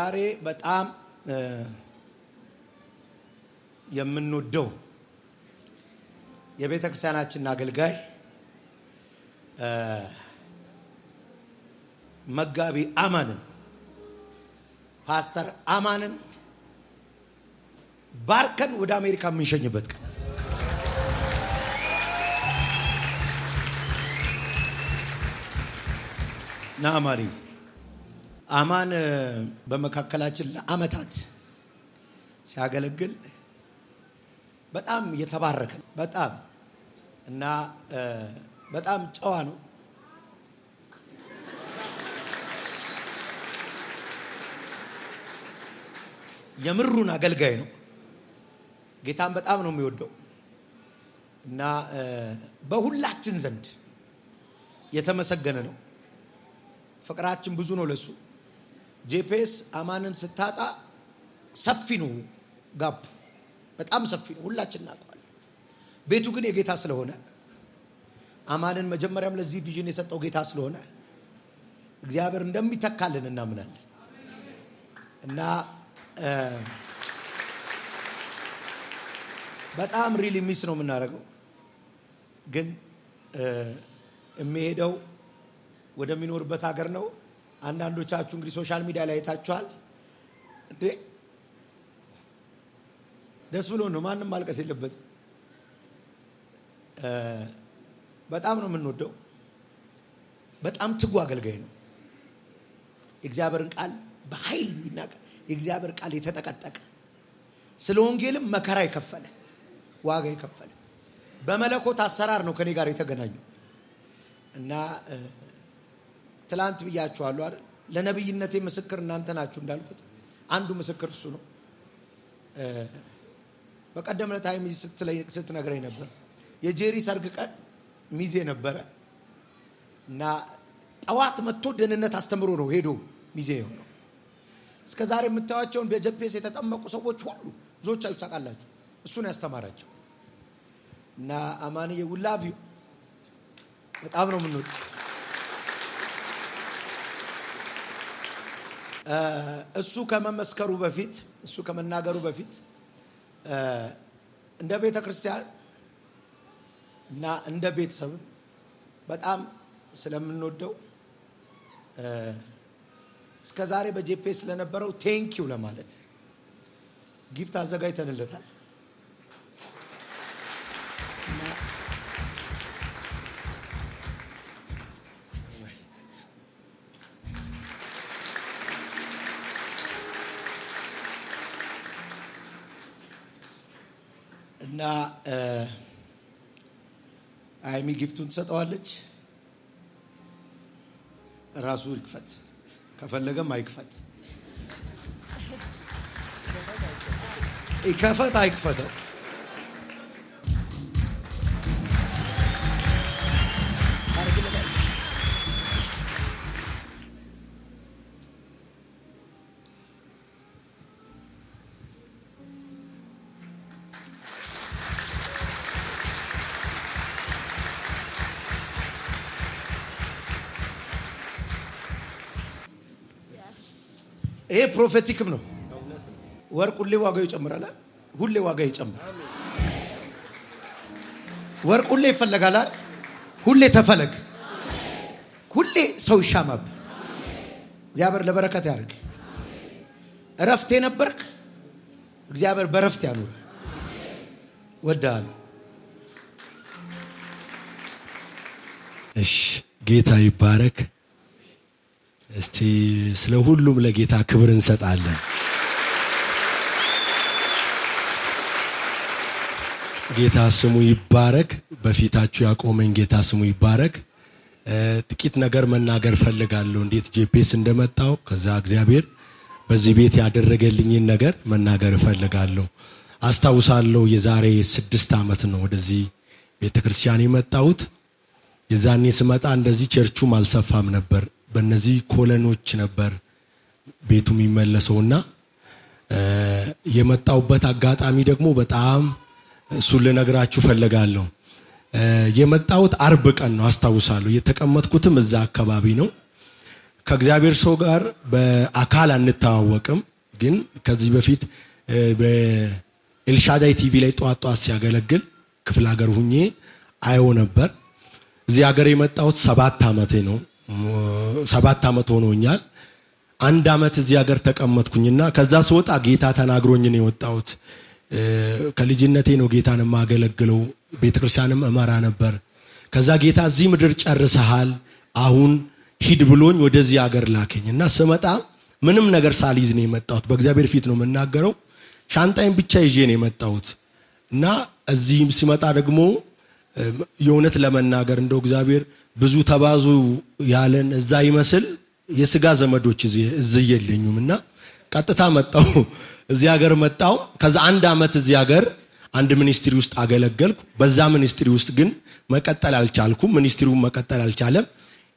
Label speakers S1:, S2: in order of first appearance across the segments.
S1: ዛሬ በጣም የምንወደው የቤተ ክርስቲያናችን አገልጋይ መጋቢ አማንን ፓስተር አማንን ባርከን ወደ አሜሪካ የምንሸኝበት ቀን ናማሪ አማን በመካከላችን ለአመታት ሲያገለግል በጣም የተባረከ ነው። በጣም እና በጣም ጨዋ ነው። የምሩን አገልጋይ ነው። ጌታን በጣም ነው የሚወደው እና በሁላችን ዘንድ የተመሰገነ ነው። ፍቅራችን ብዙ ነው ለሱ ጄፒኤስ አማንን ስታጣ ሰፊ ነው ጋቡ፣ በጣም ሰፊ ነው። ሁላችን እናውቀዋለን። ቤቱ ግን የጌታ ስለሆነ አማንን መጀመሪያም ለዚህ ቪዥን የሰጠው ጌታ ስለሆነ እግዚአብሔር እንደሚተካልን እናምናለን እና በጣም ሪል ሚስ ነው የምናደርገው ግን የሚሄደው ወደሚኖርበት ሀገር ነው። አንዳንዶቻችሁ እንግዲህ ሶሻል ሚዲያ ላይ አይታችኋል። እንዴ ደስ ብሎ ነው። ማንም ማልቀስ የለበትም። በጣም ነው የምንወደው። በጣም ትጉ አገልጋይ ነው። እግዚአብሔርን ቃል በኃይል የሚናገር የእግዚአብሔር ቃል የተጠቀጠቀ ስለ ወንጌልም መከራ የከፈለ ዋጋ የከፈለ በመለኮት አሰራር ነው ከኔ ጋር የተገናኙ እና ትላንት ብያችኋሉ አይደል? ለነብይነቴ ምስክር እናንተ ናችሁ እንዳልኩት አንዱ ምስክር እሱ ነው። በቀደም ዕለት ስትነግረኝ ነበር። የጄሪ ሰርግ ቀን ሚዜ ነበረ እና ጠዋት መጥቶ ደህንነት አስተምሮ ነው ሄዶ ሚዜ የሆነው። እስከ ዛሬ የምታዩቸውን በጀፔስ የተጠመቁ ሰዎች ሁሉ ብዙዎቻችሁ ታውቃላችሁ። እሱን ያስተማራቸው እና አማን የውላቪው በጣም ነው የምንወድ እሱ ከመመስከሩ በፊት እሱ ከመናገሩ በፊት እንደ ቤተ ክርስቲያን እና እንደ ቤተሰብ በጣም ስለምንወደው እስከ ዛሬ በጄፔ ስለነበረው ቴንኪው ለማለት ጊፍት አዘጋጅተንለታል። እና አይሚ ጊፍቱን ትሰጠዋለች። ራሱ ይክፈት ከፈለገም አይክፈት ይከፈት አይክፈተው ይሄ ፕሮፌቲክም ነው። ወርቅ ሁሌ ዋጋው ይጨምራል። ሁሌ ዋጋ ይጨምራል። ወርቅ ሁሌ ይፈለጋል። ሁሌ ተፈለግ። ሁሌ ሰው ይሻማብ። እግዚአብሔር ለበረከት ያደርግ እረፍት የነበርክ እግዚአብሔር በረፍት ያኑር። ወዳል
S2: እሺ ጌታ ይባረክ። እስቲ ስለ ሁሉም ለጌታ ክብር እንሰጣለን። ጌታ ስሙ ይባረክ። በፊታችሁ ያቆመኝ ጌታ ስሙ ይባረክ። ጥቂት ነገር መናገር ፈልጋለሁ። እንዴት ጄፒኤስ እንደመጣው ከዛ እግዚአብሔር በዚህ ቤት ያደረገልኝን ነገር መናገር እፈልጋለሁ። አስታውሳለሁ የዛሬ ስድስት ዓመት ነው ወደዚህ ቤተ ክርስቲያን የመጣሁት። የዛኔ ስመጣ እንደዚህ ቸርቹም አልሰፋም ነበር። በእነዚህ ኮለኖች ነበር ቤቱ የሚመለሰውና የመጣውበት አጋጣሚ ደግሞ በጣም እሱን ልነግራችሁ ፈለጋለሁ። የመጣሁት አርብ ቀን ነው አስታውሳለሁ። የተቀመጥኩትም እዛ አካባቢ ነው። ከእግዚአብሔር ሰው ጋር በአካል አንተዋወቅም፣ ግን ከዚህ በፊት በኤልሻዳይ ቲቪ ላይ ጠዋት ጠዋት ሲያገለግል ክፍለ ሀገር ሁኜ አየው ነበር። እዚህ ሀገር የመጣሁት ሰባት ዓመቴ ነው። ሰባት ዓመት ሆኖኛል። አንድ ዓመት እዚህ ሀገር ተቀመጥኩኝና ከዛ ስወጣ ጌታ ተናግሮኝ ነው የወጣሁት። ከልጅነቴ ነው ጌታን የማገለግለው፣ ቤተክርስቲያንም እመራ ነበር። ከዛ ጌታ እዚህ ምድር ጨርሰሃል፣ አሁን ሂድ ብሎኝ ወደዚህ ሀገር ላከኝ እና ስመጣ ምንም ነገር ሳልይዝ ነው የመጣሁት። በእግዚአብሔር ፊት ነው የምናገረው። ሻንጣይን ብቻ ይዤ ነው የመጣሁት እና እዚህም ሲመጣ ደግሞ የእውነት ለመናገር እንደው እግዚአብሔር ብዙ ተባዙ ያለን እዛ ይመስል የስጋ ዘመዶች እዚህ የለኙም እና ቀጥታ መጣው እዚህ ሀገር መጣው። ከዛ አንድ አመት እዚህ ሀገር አንድ ሚኒስትሪ ውስጥ አገለገልኩ። በዛ ሚኒስትሪ ውስጥ ግን መቀጠል አልቻልኩም። ሚኒስትሪውን መቀጠል አልቻለም።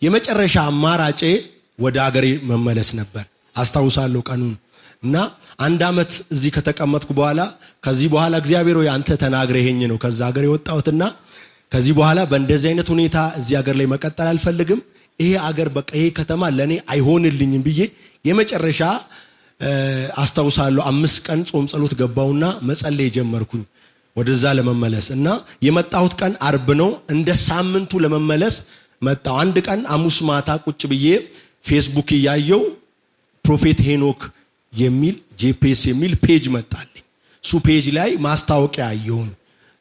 S2: የመጨረሻ አማራጬ ወደ ሀገሬ መመለስ ነበር። አስታውሳለሁ ቀኑን እና አንድ ዓመት እዚህ ከተቀመጥኩ በኋላ ከዚህ በኋላ እግዚአብሔር ወይ አንተ ይሄኝ ነው ከዛ ሀገር የወጣሁትና ከዚህ በኋላ በእንደዚህ አይነት ሁኔታ እዚህ ሀገር ላይ መቀጠል አልፈልግም፣ ይሄ አገር በቃ ይሄ ከተማ ለእኔ አይሆንልኝም ብዬ የመጨረሻ አስታውሳለሁ። አምስት ቀን ጾም ጸሎት ገባውና መጸለይ ጀመርኩኝ ወደዛ ለመመለስ እና የመጣሁት ቀን አርብ ነው። እንደ ሳምንቱ ለመመለስ መጣው። አንድ ቀን አሙስ ማታ ቁጭ ብዬ ፌስቡክ እያየው ፕሮፌት ሄኖክ የሚል ጄፒኤስ የሚል ፔጅ መጣልኝ። እሱ ፔጅ ላይ ማስታወቂያ ያየውን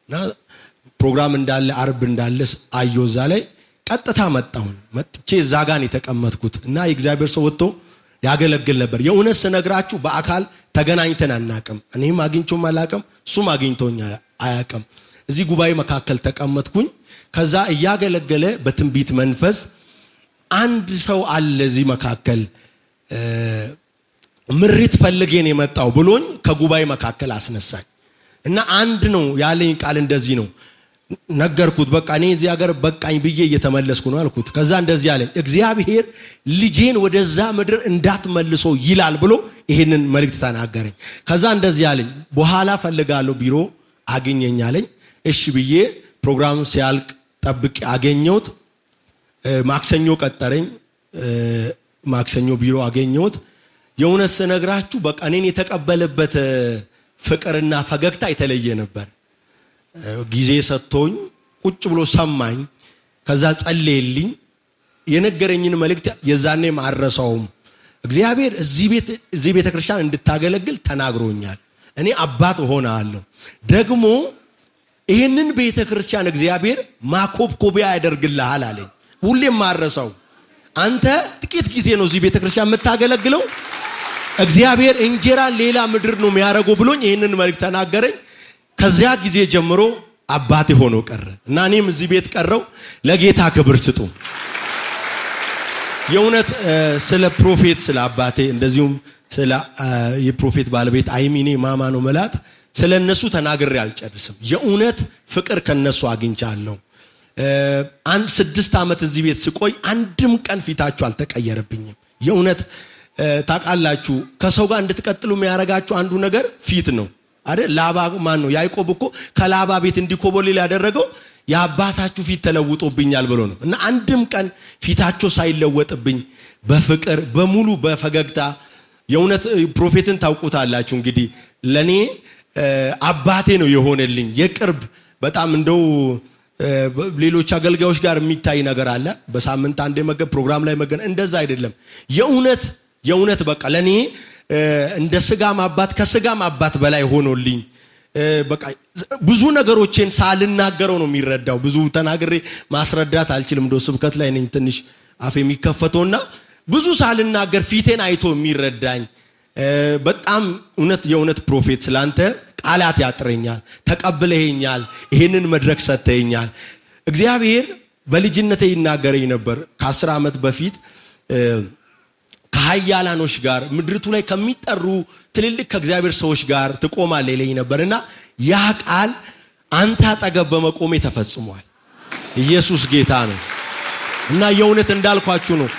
S2: እና ፕሮግራም እንዳለ አርብ እንዳለ አየሁ። እዛ ላይ ቀጥታ መጣሁን መጥቼ እዛ ጋር የተቀመጥኩት እና የእግዚአብሔር ሰው ወጥቶ ያገለግል ነበር። የእውነት ስነግራችሁ በአካል ተገናኝተን አናቅም። እኔም አግኝቶም አላቅም፣ እሱም አግኝቶኝ አያቅም። እዚህ ጉባኤ መካከል ተቀመጥኩኝ። ከዛ እያገለገለ በትንቢት መንፈስ አንድ ሰው አለ እዚህ መካከል ምሪት ፈልጌን የመጣው ብሎኝ ከጉባኤ መካከል አስነሳኝ እና አንድ ነው ያለኝ ቃል እንደዚህ ነው ነገርኩት። በቃ እኔ እዚህ ሀገር በቃኝ ብዬ እየተመለስኩ ነው አልኩት። ከዛ እንደዚህ አለኝ፣ እግዚአብሔር ልጄን ወደዛ ምድር እንዳትመልሶ ይላል ብሎ ይህንን መልእክት ተናገረኝ። ከዛ እንደዚህ አለኝ፣ በኋላ ፈልጋለሁ ቢሮ አገኘኝ አለኝ። እሺ ብዬ ፕሮግራም ሲያልቅ ጠብቅ አገኘሁት። ማክሰኞ ቀጠረኝ። ማክሰኞ ቢሮ አገኘሁት። የእውነት ስነግራችሁ በቃ እኔን የተቀበለበት ፍቅርና ፈገግታ የተለየ ነበር። ጊዜ ሰጥቶኝ ቁጭ ብሎ ሰማኝ። ከዛ ጸለየልኝ። የነገረኝን መልእክት የዛኔ ማረሰውም እግዚአብሔር እዚህ ቤተ ክርስቲያን እንድታገለግል ተናግሮኛል። እኔ አባት እሆናለሁ። ደግሞ ይህንን ቤተ ክርስቲያን እግዚአብሔር ማኮብኮቢያ ያደርግልሃል አለኝ። ሁሌም ማረሰው አንተ ጥቂት ጊዜ ነው እዚህ ቤተ ክርስቲያን የምታገለግለው። እግዚአብሔር እንጀራ ሌላ ምድር ነው የሚያደርገው ብሎኝ ይህንን መልእክት ተናገረኝ። ከዚያ ጊዜ ጀምሮ አባቴ ሆኖ ቀረ እና እኔም እዚህ ቤት ቀረው። ለጌታ ክብር ስጡ። የእውነት ስለ ፕሮፌት ስለ አባቴ እንደዚሁም ስለ የፕሮፌት ባለቤት አይሚኔ ማማ ነው መላት ስለ እነሱ ተናግሬ አልጨርስም። የእውነት ፍቅር ከነሱ አግኝቻለሁ። አንድ ስድስት ዓመት እዚህ ቤት ስቆይ አንድም ቀን ፊታችሁ አልተቀየረብኝም። የእውነት ታውቃላችሁ፣ ከሰው ጋር እንድትቀጥሉ የሚያደርጋችሁ አንዱ ነገር ፊት ነው። አይደል? ላባ ማን ነው? ያዕቆብ እኮ ከላባ ቤት እንዲኮበልል ያደረገው የአባታችሁ ፊት ተለውጦብኛል ብሎ ነው። እና አንድም ቀን ፊታቸው ሳይለወጥብኝ በፍቅር በሙሉ በፈገግታ የእውነት ፕሮፌትን ታውቁታላችሁ። እንግዲህ ለእኔ አባቴ ነው የሆነልኝ የቅርብ በጣም እንደው ሌሎች አገልጋዮች ጋር የሚታይ ነገር አለ። በሳምንት አንድ የመገብ ፕሮግራም ላይ መገን እንደዛ አይደለም። የእውነት የእውነት በቃ ለእኔ እንደ ስጋም አባት ከስጋም አባት በላይ ሆኖልኝ በቃ ብዙ ነገሮችን ሳልናገረው ነው የሚረዳው። ብዙ ተናግሬ ማስረዳት አልችልም። እንደ ስብከት ላይ ነኝ ትንሽ አፍ የሚከፈተውና ብዙ ሳልናገር ፊቴን አይቶ የሚረዳኝ በጣም እውነት የእውነት ፕሮፌት ስላንተ ቃላት ያጥረኛል። ተቀብለኸኛል፣ ይሄንን መድረክ ሰጥተኸኛል። እግዚአብሔር በልጅነት ይናገረኝ ነበር ከአስር ዓመት በፊት ከሀያላኖች ጋር ምድርቱ ላይ ከሚጠሩ ትልልቅ ከእግዚአብሔር ሰዎች ጋር ትቆማለህ ይለኝ ነበር እና ያ ቃል አንተ አጠገብ በመቆሜ ተፈጽሟል። ኢየሱስ ጌታ ነው እና የእውነት እንዳልኳችሁ ነው።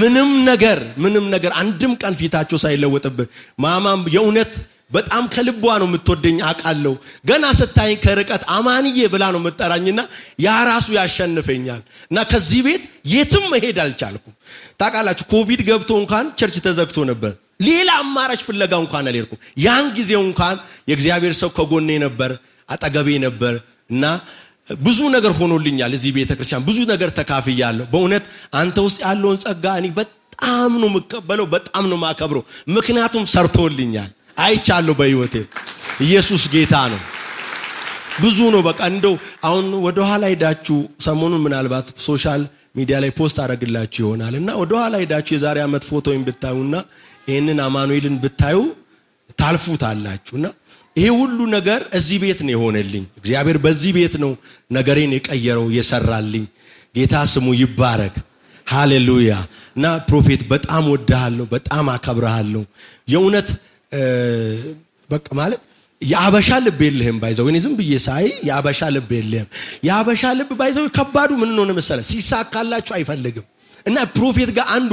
S2: ምንም ነገር ምንም ነገር አንድም ቀን ፊታቸው ሳይለወጥብህ ማማም የእውነት በጣም ከልቧ ነው የምትወደኝ አውቃለሁ። ገና ስታይኝ ከርቀት አማንዬ ብላ ነው የምጠራኝና ያ ራሱ ያሸንፈኛል እና ከዚህ ቤት የትም መሄድ አልቻልኩም። ታውቃላችሁ፣ ኮቪድ ገብቶ እንኳን ቸርች ተዘግቶ ነበር። ሌላ አማራጭ ፍለጋ እንኳን አልሄድኩም። ያን ጊዜው እንኳን የእግዚአብሔር ሰው ከጎኔ ነበር፣ አጠገቤ ነበር እና ብዙ ነገር ሆኖልኛል። እዚህ ቤተ ክርስቲያን ብዙ ነገር ተካፍያለሁ። በእውነት አንተ ውስጥ ያለውን ጸጋ እኔ በጣም ነው የምቀበለው፣ በጣም ነው የማከብረው። ምክንያቱም ሰርቶልኛል አይቻለሁ በህይወቴ። ኢየሱስ ጌታ ነው። ብዙ ነው። በቃ እንደው አሁን ወደኋላ ሄዳችሁ ሰሞኑን ምናልባት ሶሻል ሚዲያ ላይ ፖስት አደረግላችሁ ይሆናል እና ወደኋላ ሄዳችሁ የዛሬ ዓመት ፎቶን ብታዩና ይህንን አማኑኤልን ብታዩ ታልፉታላችሁ እና ይሄ ሁሉ ነገር እዚህ ቤት ነው የሆነልኝ። እግዚአብሔር በዚህ ቤት ነው ነገሬን የቀየረው የሰራልኝ። ጌታ ስሙ ይባረክ። ሃሌሉያ። እና ፕሮፌት በጣም ወድሃለሁ፣ በጣም አከብረሃለሁ የእውነት በቃ ማለት የአበሻ ልብ የለህም ባይዘው። እኔ ዝም ብዬ ሳይ የአበሻ ልብ የለህም። የአበሻ ልብ ባይዘው ከባዱ ምን ሆነ መሰለ፣ ሲሳካላችሁ አይፈልግም። እና ፕሮፌት ጋር አንዱ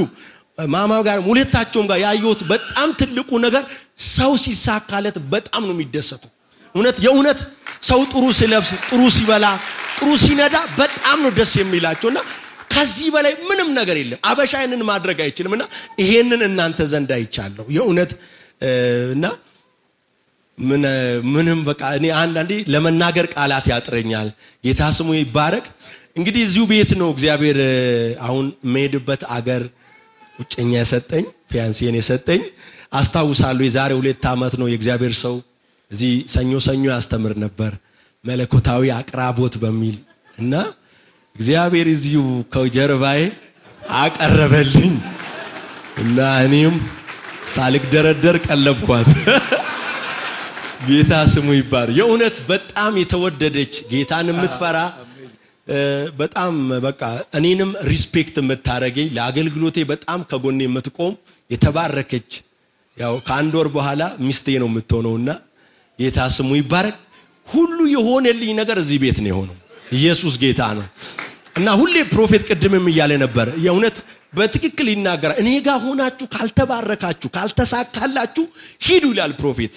S2: ማማው ጋር ሁለታቸውም ጋር ያየሁት በጣም ትልቁ ነገር ሰው ሲሳካለት በጣም ነው የሚደሰቱ። እውነት የእውነት ሰው ጥሩ ሲለብስ፣ ጥሩ ሲበላ፣ ጥሩ ሲነዳ በጣም ነው ደስ የሚላቸው እና ከዚህ በላይ ምንም ነገር የለም። አበሻ ይህንን ማድረግ አይችልም እና ይሄንን እናንተ ዘንድ አይቻለሁ የእውነት እና ምንም በቃ እኔ አንዳንዴ ለመናገር ቃላት ያጥረኛል። ጌታ ስሙ ይባረክ። እንግዲህ እዚሁ ቤት ነው እግዚአብሔር አሁን የምሄድበት አገር ውጭኛ የሰጠኝ ፊያንሴን የሰጠኝ አስታውሳለሁ። የዛሬ ሁለት ዓመት ነው የእግዚአብሔር ሰው እዚህ ሰኞ ሰኞ ያስተምር ነበር መለኮታዊ አቅራቦት በሚል እና እግዚአብሔር እዚሁ ከጀርባዬ አቀረበልኝ እና እኔም ሳልግደረደር ቀለብኳት። ጌታ ስሙ ይባል። የእውነት በጣም የተወደደች ጌታን የምትፈራ በጣም በቃ እኔንም ሪስፔክት የምታደረገኝ ለአገልግሎቴ በጣም ከጎኔ የምትቆም የተባረከች ያው ከአንድ ወር በኋላ ሚስቴ ነው እና ጌታ ስሙ ይባረክ። ሁሉ የሆነልኝ ነገር እዚህ ቤት ነው የሆነው። ኢየሱስ ጌታ ነው እና ሁሌ ፕሮፌት ቅድምም እያለ ነበር የእውነት በትክክል ይናገራል። እኔ ጋር ሆናችሁ ካልተባረካችሁ፣ ካልተሳካላችሁ ሂዱ ይላል ፕሮፌት።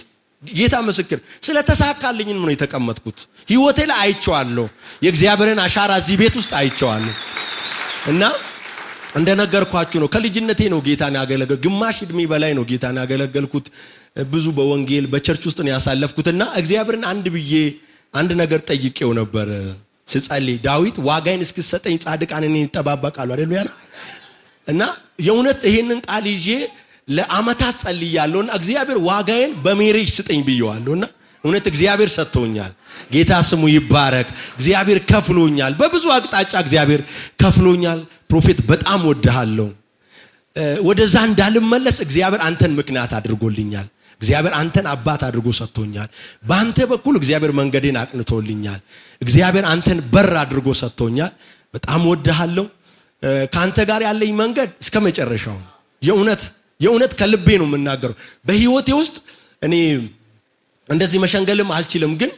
S2: ጌታ ምስክር ስለተሳካልኝም ነው የተቀመጥኩት። ህይወቴ ላይ አይቸዋለሁ፣ የእግዚአብሔርን አሻራ እዚህ ቤት ውስጥ አይቸዋለሁ። እና እንደነገርኳችሁ ነው። ከልጅነቴ ነው ጌታን ያገለገል ግማሽ እድሜ በላይ ነው ጌታን ያገለገልኩት። ብዙ በወንጌል በቸርች ውስጥ ነው እና እግዚአብሔርን አንድ ብዬ አንድ ነገር ጠይቄው ነበር ስጸልይ ዳዊት ዋጋይን እስክሰጠኝ ጻድቃን እኔን ይጠባበቃሉ አይደሉ እና የእውነት ይሄንን ቃል ይዤ ለአመታት ጸልያለሁ እና እግዚአብሔር ዋጋዬን በሜሬጅ ስጠኝ ብየዋለሁ እና እውነት እግዚአብሔር ሰጥቶኛል። ጌታ ስሙ ይባረክ። እግዚአብሔር ከፍሎኛል። በብዙ አቅጣጫ እግዚአብሔር ከፍሎኛል። ፕሮፌት በጣም ወድሃለሁ። ወደዛ እንዳልመለስ እግዚአብሔር አንተን ምክንያት አድርጎልኛል። እግዚአብሔር አንተን አባት አድርጎ ሰጥቶኛል። በአንተ በኩል እግዚአብሔር መንገዴን አቅንቶልኛል። እግዚአብሔር አንተን በር አድርጎ ሰጥቶኛል። በጣም ወድሃለሁ። ከአንተ ጋር ያለኝ መንገድ እስከ መጨረሻው የእውነት የእውነት ከልቤ ነው የምናገረው። በህይወቴ ውስጥ እኔ እንደዚህ መሸንገልም አልችልም፣ ግን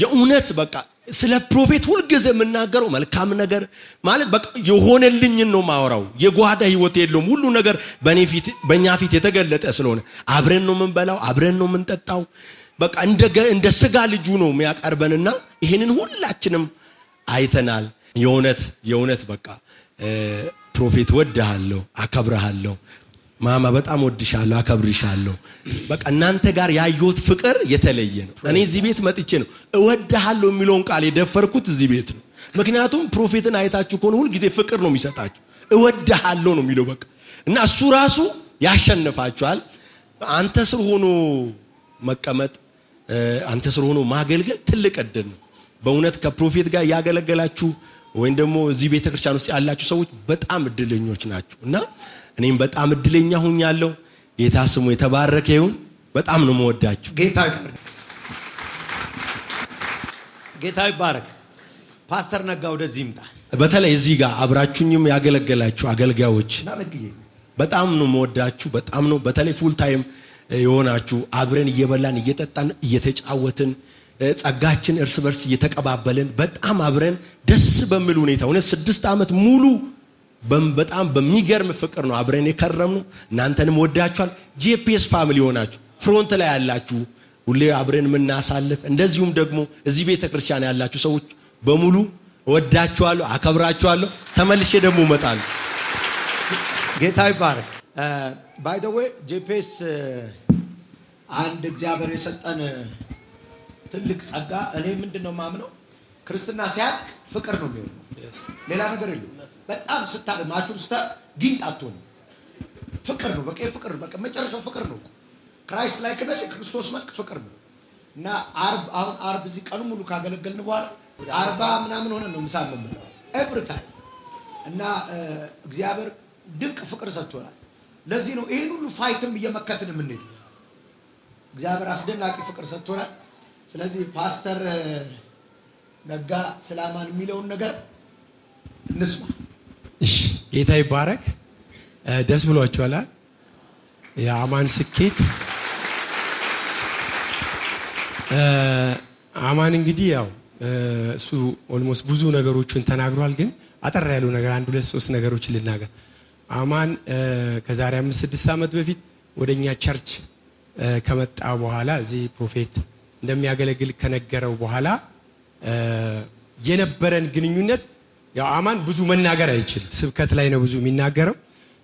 S2: የእውነት በቃ ስለ ፕሮፌት ሁልጊዜ የምናገረው መልካም ነገር ማለት በ የሆነልኝን ነው ማወራው። የጓዳ ህይወት የለውም። ሁሉ ነገር በእኛ ፊት የተገለጠ ስለሆነ አብረን ነው የምንበላው፣ አብረን ነው የምንጠጣው። በቃ እንደ ስጋ ልጁ ነው የሚያቀርበንና ይህንን ሁላችንም አይተናል። የእውነት የእውነት በቃ ፕሮፌት ወድሃለሁ፣ አከብረሃለሁ፣ ማማ በጣም ወድሻለሁ፣ አከብርሻለሁ። በቃ እናንተ ጋር ያየሁት ፍቅር የተለየ ነው። እኔ እዚህ ቤት መጥቼ ነው እወድሃለሁ የሚለውን ቃል የደፈርኩት እዚህ ቤት ነው። ምክንያቱም ፕሮፌትን አይታችሁ ከሆነ ሁልጊዜ ፍቅር ነው የሚሰጣችሁ። እወድሃለሁ ነው የሚለው በቃ እና እሱ ራሱ ያሸንፋችኋል። አንተ ስር ሆኖ መቀመጥ አንተ ስር ሆኖ ማገልገል ትልቅ እድል ነው። በእውነት ከፕሮፌት ጋር እያገለገላችሁ ወይም ደግሞ እዚህ ቤተክርስቲያን ውስጥ ያላችሁ ሰዎች በጣም እድለኞች ናችሁ እና እኔም በጣም እድለኛ ሁኝ ያለው ጌታ ስሙ የተባረከ ይሁን። በጣም ነው መወዳችሁ። ጌታ
S1: ጌታ ይባረክ። ፓስተር ነጋ ወደዚህ ይምጣ።
S2: በተለይ እዚህ ጋር አብራችሁኝም ያገለገላችሁ አገልጋዮች በጣም ነው መወዳችሁ። በጣም ነው በተለይ ፉል ታይም የሆናችሁ አብረን እየበላን እየጠጣን እየተጫወትን ጸጋችን እርስ በርስ እየተቀባበልን በጣም አብረን ደስ በሚል ሁኔታ እውነት ስድስት ዓመት ሙሉ በጣም በሚገርም ፍቅር ነው አብረን የከረምነው። እናንተንም ወዳችኋል። ጄፒኤስ ፋሚሊ ሆናችሁ ፍሮንት ላይ ያላችሁ ሁሌ አብረን የምናሳልፍ እንደዚሁም ደግሞ እዚህ ቤተ ክርስቲያን ያላችሁ ሰዎች በሙሉ ወዳችኋለሁ፣ አከብራችኋለሁ። ተመልሼ ደግሞ እመጣለሁ።
S1: ጌታ ይባረክ። ባይ ዘ ዌይ ጄፒኤስ አንድ እግዚአብሔር የሰጠን ትልቅ ጸጋ። እኔ ምንድን ነው የማምነው ክርስትና ሲያድግ ፍቅር ነው የሚሆነው፣ ሌላ ነገር የለም። በጣም ስታድ ማቹር ስታ ጊንጥ አትሆንም። ፍቅር ነው በቃ ፍቅር በቃ መጨረሻው ፍቅር ነው። ክራይስት ላይክነስ የክርስቶስ መልክ ፍቅር ነው። እና አርብ አሁን አርብ እዚህ ቀኑ ሙሉ ካገለገልን በኋላ አርባ ምናምን ሆነ ነው ምሳ መመለ ኤቭሪ እና እግዚአብሔር ድንቅ ፍቅር ሰጥቶናል። ለዚህ ነው ይህን ሁሉ ፋይትም እየመከትን የምንሄዱ እግዚአብሔር አስደናቂ ፍቅር ሰጥቶናል። ስለዚህ ፓስተር ነጋ ስላማን የሚለውን ነገር
S2: እንስማ። እሺ፣ ጌታ ይባረክ። ደስ ብሏችኋል? የአማን ስኬት አማን እንግዲህ ያው እሱ ኦልሞስት ብዙ ነገሮችን ተናግሯል። ግን አጠር ያሉ ነገር አንድ ሁለት ሶስት ነገሮችን ልናገር። አማን ከዛሬ አምስት ስድስት ዓመት በፊት ወደኛ ቸርች ከመጣ በኋላ እዚህ ፕሮፌት እንደሚያገለግል ከነገረው በኋላ የነበረን ግንኙነት ያው አማን ብዙ መናገር አይችልም። ስብከት ላይ ነው ብዙ የሚናገረው።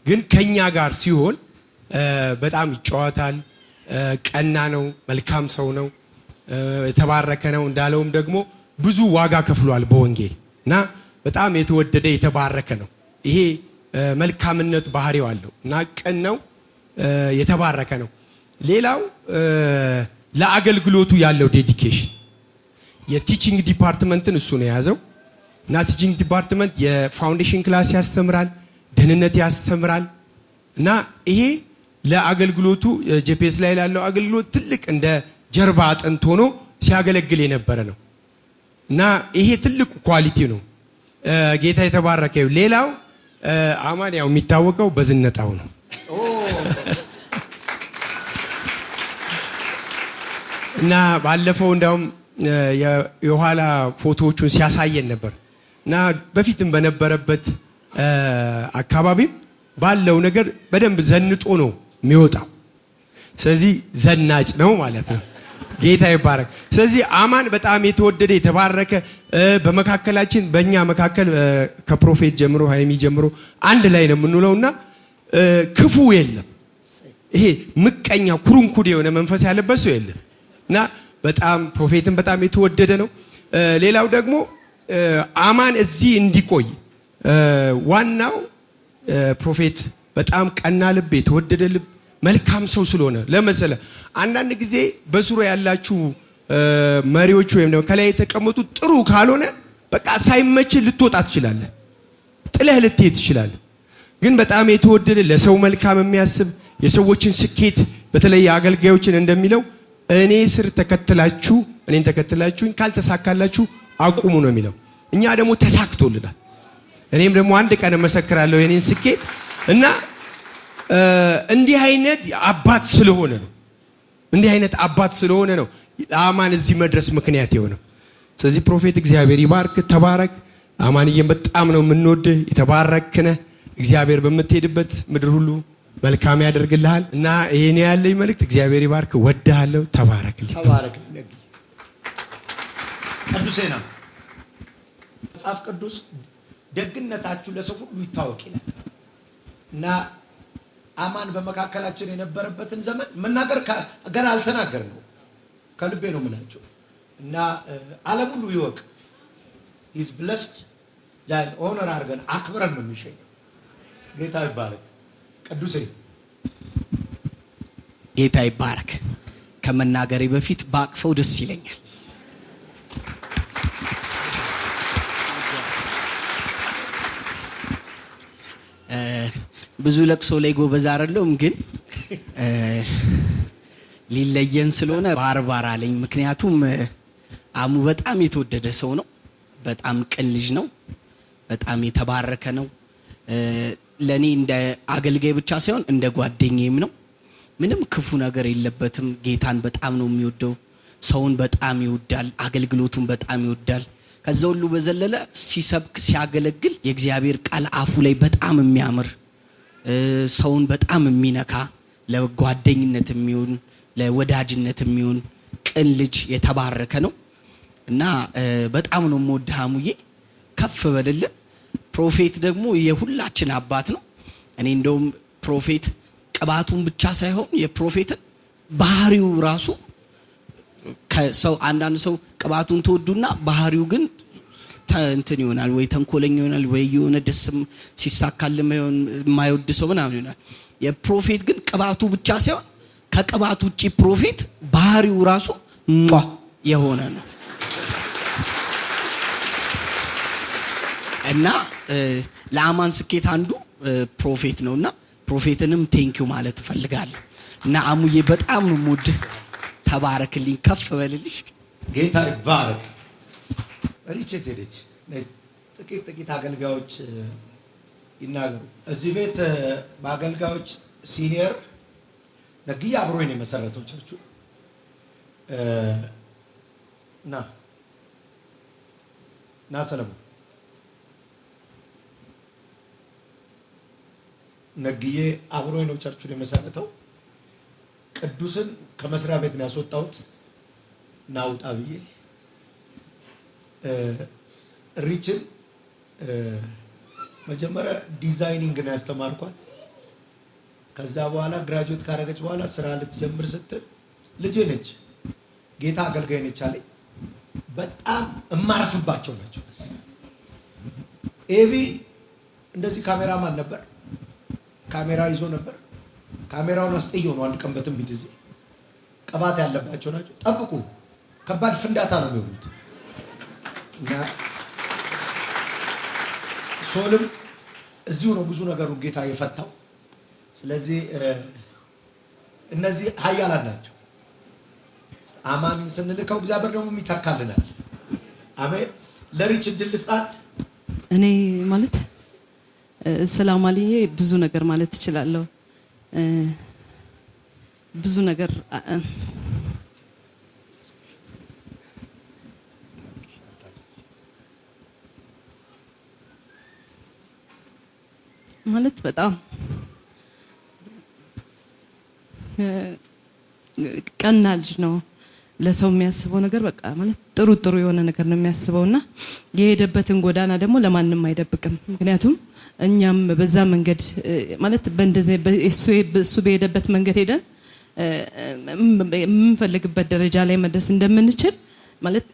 S2: ግን ከኛ ጋር ሲሆን በጣም ይጫወታል። ቀና ነው፣ መልካም ሰው ነው፣ የተባረከ ነው። እንዳለውም ደግሞ ብዙ ዋጋ ከፍሏል በወንጌል እና በጣም የተወደደ የተባረከ ነው። ይሄ መልካምነት ባህሪው አለው እና ቅን ነው፣ የተባረከ ነው። ሌላው ለአገልግሎቱ ያለው ዴዲኬሽን የቲችንግ ዲፓርትመንትን እሱ ነው የያዘው እና ቲችንግ ዲፓርትመንት የፋውንዴሽን ክላስ ያስተምራል፣ ደህንነት ያስተምራል እና ይሄ ለአገልግሎቱ ጄፒኤስ ላይ ላለው አገልግሎት ትልቅ እንደ ጀርባ አጥንት ሆኖ ሲያገለግል የነበረ ነው እና ይሄ ትልቁ ኳሊቲ ነው። ጌታ የተባረከ። ሌላው አማን ያው የሚታወቀው በዝነጣው ነው። እና ባለፈው እንዲያውም የኋላ ፎቶዎቹን ሲያሳየን ነበር እና በፊትም በነበረበት አካባቢም ባለው ነገር በደንብ ዘንጦ ነው የሚወጣው። ስለዚህ ዘናጭ ነው ማለት ነው። ጌታ ይባረክ። ስለዚህ አማን በጣም የተወደደ የተባረከ በመካከላችን በእኛ መካከል ከፕሮፌት ጀምሮ ሀይሚ ጀምሮ አንድ ላይ ነው የምንውለው እና ክፉ የለም። ይሄ ምቀኛ ኩርንኩድ የሆነ መንፈስ ያለበት ሰው የለም። እና በጣም ፕሮፌትን በጣም የተወደደ ነው። ሌላው ደግሞ አማን እዚህ እንዲቆይ ዋናው ፕሮፌት በጣም ቀና ልብ፣ የተወደደ ልብ፣ መልካም ሰው ስለሆነ ለመሰለ አንዳንድ ጊዜ በዙሪያ ያላችሁ መሪዎች ወይም ደግሞ ከላይ የተቀመጡ ጥሩ ካልሆነ በቃ ሳይመች ልትወጣ ትችላለህ፣ ጥለህ ልትሄድ ትችላለህ። ግን በጣም የተወደደ ለሰው መልካም የሚያስብ የሰዎችን ስኬት በተለይ አገልጋዮችን እንደሚለው እኔ ስር ተከትላችሁ እኔን ተከትላችሁኝ ካልተሳካላችሁ አቁሙ ነው የሚለው። እኛ ደግሞ ተሳክቶልናል። እኔም ደግሞ አንድ ቀን እመሰክራለሁ የኔን ስኬት እና እንዲህ አይነት አባት ስለሆነ ነው። እንዲህ አይነት አባት ስለሆነ ነው ለአማን እዚህ መድረስ ምክንያት የሆነው። ስለዚህ ፕሮፌት እግዚአብሔር ይባርክ፣ ተባረክ። አማንዬም በጣም ነው የምንወድህ። የተባረክነ እግዚአብሔር በምትሄድበት ምድር ሁሉ መልካም ያደርግልሃል እና ይህን ያለኝ መልእክት እግዚአብሔር ይባርክ። ወድሃለሁ። ተባረክልኝ።
S1: መጽሐፍ ቅዱስ ደግነታችሁ ለሰው ሁሉ ይታወቅ ይላል እና አማን በመካከላችን የነበረበትን ዘመን መናገር ገና አልተናገር ነው። ከልቤ ነው የምላቸው እና ዓለም ሁሉ ይወቅ ሂዝ ብለስድ ኦነር አድርገን አክብረን ነው የሚሸኘው። ጌታ ይባረክ። ቅዱሴ ጌታ ይባረክ። ከመናገሬ በፊት በአቅፈው ደስ ይለኛል። ብዙ ለቅሶ ላይ ጎበዝ አይደለሁም፣ ግን ሊለየን ስለሆነ ባርባር አለኝ። ምክንያቱም አሙ በጣም የተወደደ ሰው ነው። በጣም ቅን ልጅ ነው። በጣም የተባረከ ነው። ለእኔ እንደ አገልጋይ ብቻ ሳይሆን እንደ ጓደኛዬም ነው። ምንም ክፉ ነገር የለበትም። ጌታን በጣም ነው የሚወደው። ሰውን በጣም ይወዳል። አገልግሎቱን በጣም ይወዳል። ከዛ ሁሉ በዘለለ ሲሰብክ ሲያገለግል የእግዚአብሔር ቃል አፉ ላይ በጣም የሚያምር ሰውን በጣም የሚነካ ለጓደኝነት የሚሆን ለወዳጅነት የሚሆን ቅን ልጅ የተባረከ ነው እና በጣም ነው የምወድ አሙዬ፣ ከፍ በልልን። ፕሮፌት ደግሞ የሁላችን አባት ነው። እኔ እንደውም ፕሮፌት ቅባቱን ብቻ ሳይሆን የፕሮፌትን ባህሪው ራሱ ከሰው አንዳንድ ሰው ቅባቱን ተወዱና ባህሪው ግን እንትን ይሆናል ወይ ተንኮለኛ ይሆናል ወይ የሆነ ደስም ሲሳካል የማይወድ ሰው ምናምን ይሆናል። የፕሮፌት ግን ቅባቱ ብቻ ሳይሆን ከቅባት ውጭ ፕሮፌት ባህሪው ራሱ የሆነ ነው። እና ለአማን ስኬት አንዱ ፕሮፌት ነው እና ፕሮፌትንም ቴንኪው ማለት እፈልጋለሁ እና አሙዬ በጣም ሙድ ተባረክልኝ፣ ከፍ በልልሽ። ጌታ ይባረክ። ሪቼት ሄደች። ጥቂት ጥቂት አገልጋዮች ይናገሩ። እዚህ ቤት በአገልጋዮች ሲኒየር ነግዬ አብሮ ነው የመሰረተው ቸርቹ እና እና ሰለሞን ነግዬ አብሮ ነው ቸርቹን የመሰረተው። ቅዱስን ከመስሪያ ቤት ነው ያስወጣሁት። ናውጣ ብዬ ሪችን መጀመሪያ ዲዛይኒንግ ነው ያስተማርኳት። ከዛ በኋላ ግራጁዌት ካደረገች በኋላ ስራ ልትጀምር ስትል ልጅ ነች፣ ጌታ አገልጋይ ነች አለኝ። በጣም እማርፍባቸው ናቸው። ኤቪ እንደዚህ ካሜራማን ነበር ካሜራ ይዞ ነበር። ካሜራውን አስጠየው ነው። አንድ ቀን በትንቢት ጊዜ ቅባት ያለባቸው ናቸው። ጠብቁ፣ ከባድ ፍንዳታ ነው የሚሆኑት። እና ሶልም እዚሁ ነው ብዙ ነገር ጌታ የፈታው። ስለዚህ እነዚህ ኃያላን ናቸው። አማን ስንልከው እግዚአብሔር ደግሞ የሚተካልናል። አሜን። ለሪች እድል ስጣት
S3: እኔ ማለት ሰላም አማልዬ ብዙ ነገር ማለት እችላለሁ ብዙ ነገር ማለት በጣም ቀና ልጅ ነው። ለሰው የሚያስበው ነገር በቃ ማለት ጥሩ ጥሩ የሆነ ነገር ነው የሚያስበው እና የሄደበትን ጎዳና ደግሞ ለማንም አይደብቅም። ምክንያቱም እኛም በዛ መንገድ ማለት እሱ በሄደበት መንገድ ሄደን የምንፈልግበት ደረጃ ላይ መድረስ እንደምንችል ማለት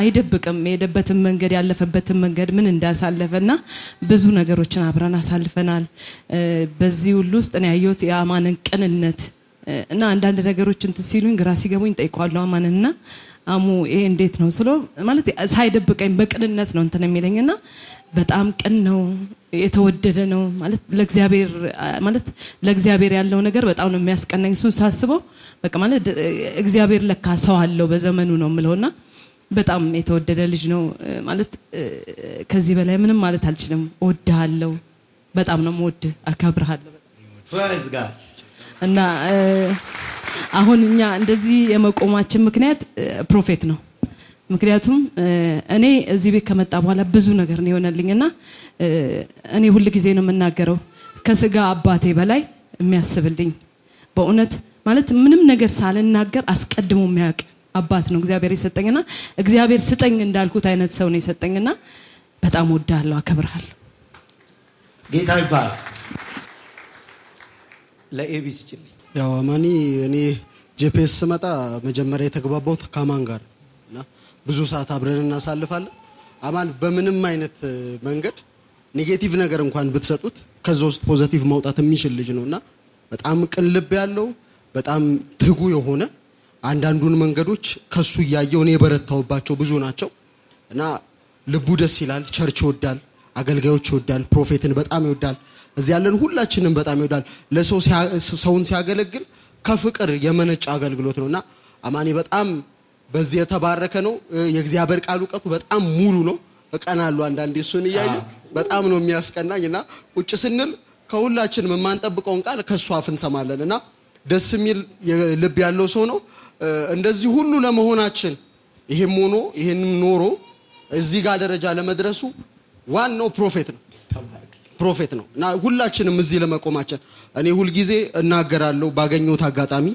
S3: አይደብቅም። የሄደበትን መንገድ ያለፈበትን መንገድ ምን እንዳሳለፈ እና ብዙ ነገሮችን አብረን አሳልፈናል። በዚህ ሁሉ ውስጥ ያየሁት የአማንን ቅንነት እና አንዳንድ ነገሮች እንትን ሲሉኝ ግራ ሲገቡኝ ጠይቀዋለሁ አማን እና አሙ ይሄ እንዴት ነው ስለው ማለት ሳይደብቀኝ በቅንነት ነው እንትን የሚለኝ እና በጣም ቅን ነው፣ የተወደደ ነው ማለት ለእግዚአብሔር ማለት ለእግዚአብሔር ያለው ነገር በጣም ነው የሚያስቀናኝ። እሱን ሳስበው በቃ ማለት እግዚአብሔር ለካ ሰው አለው በዘመኑ ነው እና በጣም የተወደደ ልጅ ነው ማለት ከዚህ በላይ ምንም ማለት አልችልም። እወድሃለሁ፣ በጣም ነው የምወድህ፣ አከብርሃለሁ። እና አሁን እኛ እንደዚህ የመቆማችን ምክንያት ፕሮፌት ነው። ምክንያቱም እኔ እዚህ ቤት ከመጣ በኋላ ብዙ ነገር ነው የሆነልኝ እና እኔ ሁል ጊዜ ነው የምናገረው ከስጋ አባቴ በላይ የሚያስብልኝ በእውነት ማለት ምንም ነገር ሳልናገር አስቀድሞ የሚያውቅ አባት ነው እግዚአብሔር የሰጠኝና እግዚአብሔር ስጠኝ እንዳልኩት አይነት ሰው ነው የሰጠኝና በጣም ወዳለሁ፣ አከብርሃለሁ።
S1: ጌታ ይባላል። ለኤቢስ ስጭልኝ።
S2: ያው አማኒ እኔ ጄፒኤስ ስመጣ መጀመሪያ የተግባባሁት ከአማን ጋር እና ብዙ ሰዓት አብረን እናሳልፋለን። አማን በምንም አይነት መንገድ ኔጌቲቭ ነገር እንኳን ብትሰጡት ከዛ ውስጥ ፖዘቲቭ ማውጣት የሚችል ልጅ ነው እና በጣም ቅን ልብ ያለው በጣም ትጉ የሆነ አንዳንዱን መንገዶች ከሱ እያየው እኔ የበረታውባቸው ብዙ ናቸው እና ልቡ ደስ ይላል። ቸርች ይወዳል፣ አገልጋዮች ይወዳል፣ ፕሮፌትን በጣም ይወዳል። እዚህ ያለን ሁላችንም በጣም ይወዳል። ለሰው ሰውን ሲያገለግል ከፍቅር የመነጨ አገልግሎት ነውና አማኔ በጣም በዚህ የተባረከ ነው። የእግዚአብሔር ቃል እውቀቱ በጣም ሙሉ ነው። እቀናለሁ አንዳንዴ እሱን እያየሁ በጣም ነው የሚያስቀናኝ። እና ቁጭ ስንል ከሁላችንም የማንጠብቀውን ቃል ከእሱ አፍ እንሰማለን እና ደስ የሚል ልብ ያለው ሰው ነው። እንደዚህ ሁሉ ለመሆናችን ይህም ሆኖ ይሄንም ኖሮ እዚህ ጋር ደረጃ ለመድረሱ ዋናው ፕሮፌት ነው። ፕሮፌት ነው እና ሁላችንም እዚህ ለመቆማችን እኔ ሁልጊዜ እናገራለሁ። ባገኘሁት አጋጣሚ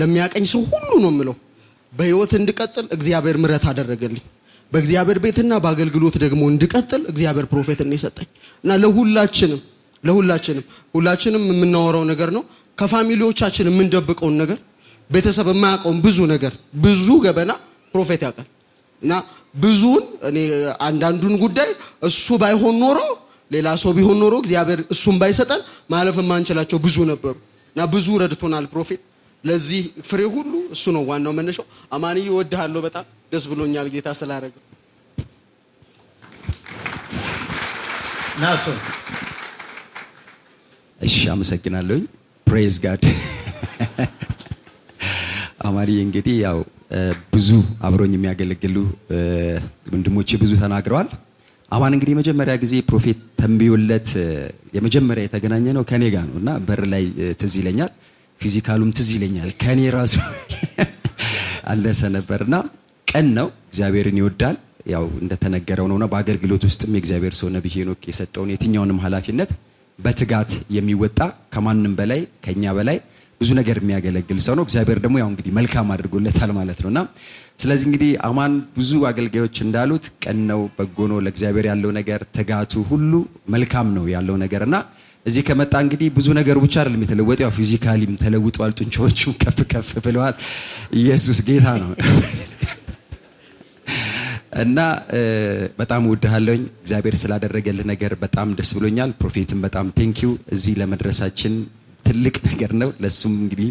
S2: ለሚያቀኝ ሰው ሁሉ ነው የምለው፣ በህይወት እንድቀጥል እግዚአብሔር ምረት አደረገልኝ። በእግዚአብሔር ቤትና በአገልግሎት ደግሞ እንድቀጥል እግዚአብሔር ፕሮፌት ነው የሰጠኝ እና ለሁላችንም ለሁላችንም ሁላችንም የምናወራው ነገር ነው። ከፋሚሊዎቻችን የምንደብቀውን ነገር ቤተሰብ የማያውቀውን ብዙ ነገር ብዙ ገበና ፕሮፌት ያውቃል እና ብዙውን እኔ አንዳንዱን ጉዳይ እሱ ባይሆን ኖሮ ሌላ ሰው ቢሆን ኖሮ እግዚአብሔር እሱን ባይሰጠን ማለፍ የማንችላቸው ብዙ ነበሩ እና ብዙ ረድቶናል ፕሮፌት። ለዚህ ፍሬ ሁሉ እሱ ነው ዋናው መነሻው። አማንዬ እወድሃለሁ። በጣም ደስ ብሎኛል ጌታ ስላደረገው።
S1: ናሱ እሺ፣ አመሰግናለሁኝ። ፕሬዝ ጋድ። አማንዬ እንግዲህ ያው ብዙ አብሮኝ የሚያገለግሉ ወንድሞቼ ብዙ ተናግረዋል። አማን እንግዲህ የመጀመሪያ ጊዜ ፕሮፌት ተንብዮለት የመጀመሪያ የተገናኘ ነው ከኔ ጋር ነው እና በር ላይ ትዝ ይለኛል፣ ፊዚካሉም ትዝ ይለኛል። ከኔ ራሱ አነሰ ነበርና ቀን ነው። እግዚአብሔርን ይወዳል ያው እንደተነገረው ነውና በአገልግሎት ውስጥም የእግዚአብሔር ሰው ነቢይ ሄኖክ የሰጠውን የትኛውንም ኃላፊነት በትጋት የሚወጣ ከማንም በላይ ከኛ በላይ ብዙ ነገር የሚያገለግል ሰው ነው። እግዚአብሔር ደግሞ ያው እንግዲህ መልካም አድርጎለታል ማለት ነውና ስለዚህ እንግዲህ አማን ብዙ አገልጋዮች እንዳሉት ቀን ነው፣ በጎ ነው፣ ለእግዚአብሔር ያለው ነገር ትጋቱ ሁሉ መልካም ነው ያለው ነገር እና እዚህ ከመጣ እንግዲህ ብዙ ነገር ብቻ አይደለም የተለወጠ፣ ያው ፊዚካሊም ተለውጧል። ጡንቻዎቹም ከፍ ከፍ ብለዋል። ኢየሱስ ጌታ ነው እና በጣም ውድሃለኝ እግዚአብሔር ስላደረገልህ ነገር በጣም ደስ ብሎኛል። ፕሮፌትም በጣም ቴንኪዩ። እዚህ ለመድረሳችን ትልቅ ነገር ነው። ለእሱም እንግዲህ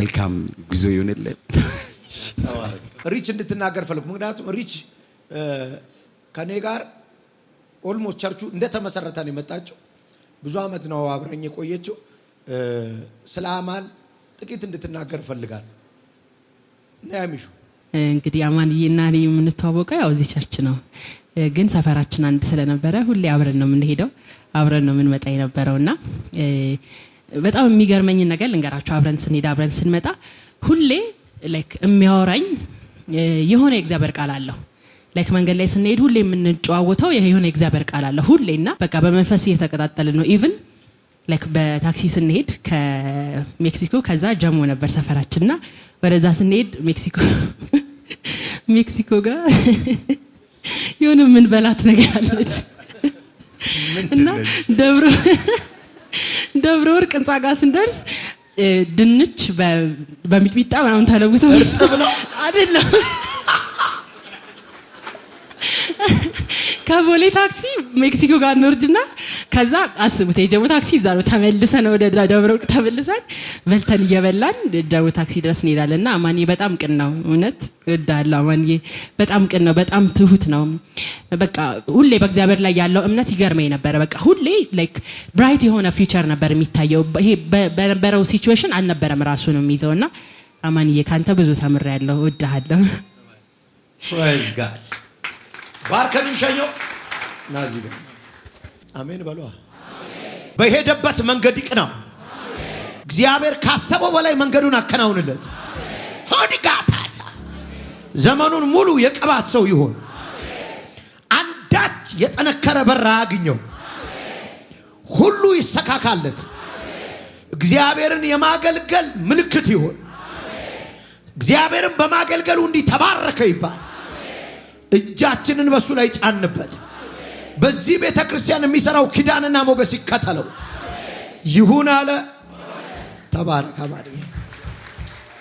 S1: መልካም ጉዞ ይሆንልን። ሪች እንድትናገር ፈልኩ። ምክንያቱም ሪች ከኔ ጋር ኦልሞስት ቸርቹ እንደተመሰረተ ነው የመጣችው። ብዙ ዓመት ነው አብረኝ የቆየችው። ስለ አማን ጥቂት እንድትናገር እፈልጋለሁ እና ያሚሹ
S3: እንግዲህ አማንዬና እኔ የምንተዋወቀው ያው እዚህ ቸርች ነው፣ ግን ሰፈራችን አንድ ስለነበረ ሁሌ አብረን ነው የምንሄደው፣ አብረን ነው የምንመጣ የነበረው እና በጣም የሚገርመኝን ነገር ልንገራቸው። አብረን ስንሄድ አብረን ስንመጣ ሁሌ ላይክ የሚያወራኝ የሆነ የእግዚአብሔር ቃል አለው ላይክ መንገድ ላይ ስንሄድ ሁሌ የምንጨዋወተው የሆነ የእግዚአብሔር ቃል አለ ሁሌ እና በቃ በመንፈስ እየተቀጣጠልን ነው። ኢቭን ላይክ በታክሲ ስንሄድ ከሜክሲኮ ከዛ ጀሞ ነበር ሰፈራችን እና ወደዛ ስንሄድ ሜክሲኮ ሜክሲኮ ጋር የሆነ የምንበላት ነገር አለች እና ደብረ ወርቅ ህንፃ ጋር ስንደርስ ድንች በሚጥሚጣ ምናምን ተለውሰው አይደለም ከቦሌ ታክሲ ሜክሲኮ ጋር እንወርድና ከዛ አስቡት የጀቡ ታክሲ እዛ ነው። ተመልሰን ወደ ደብረ ወርቅ ተመልሰን በልተን እየበላን ጀቡ ታክሲ ድረስ እንሄዳለን። እና አማኒ በጣም ቅን ነው። እውነት እዳለ አማኒ በጣም ቅን ነው። በጣም ትሁት ነው። በቃ ሁሌ በእግዚአብሔር ላይ ያለው እምነት ይገርመኝ ነበረ። በቃ ሁሌ ላይክ ብራይት የሆነ ፊውቸር ነበር የሚታየው። ይሄ በነበረው ሲቹዌሽን አልነበረም ራሱ ነው የሚይዘው እና አማንዬ ካንተ ብዙ ተምሬያለሁ። እዳሃለሁ
S1: ባርከን እንሸኘው እና እዚህ ጋር አሜን በሏ። በሄደበት መንገድ ይቅና። እግዚአብሔር ካሰበው በላይ መንገዱን አከናውንለት። ሆድጋታሳ ዘመኑን ሙሉ የቅባት ሰው ይሆን። አንዳች የጠነከረ በር አያግኘው። ሁሉ ይሰካካለት። እግዚአብሔርን የማገልገል ምልክት ይሆን። እግዚአብሔርን በማገልገሉ እንዲህ ተባረከ ይባል። እጃችንን በሱ ላይ ጫንበት። በዚህ ቤተ ክርስቲያን የሚሰራው ኪዳንና ሞገስ ይከተለው። ይሁን አለ። ተባረክ።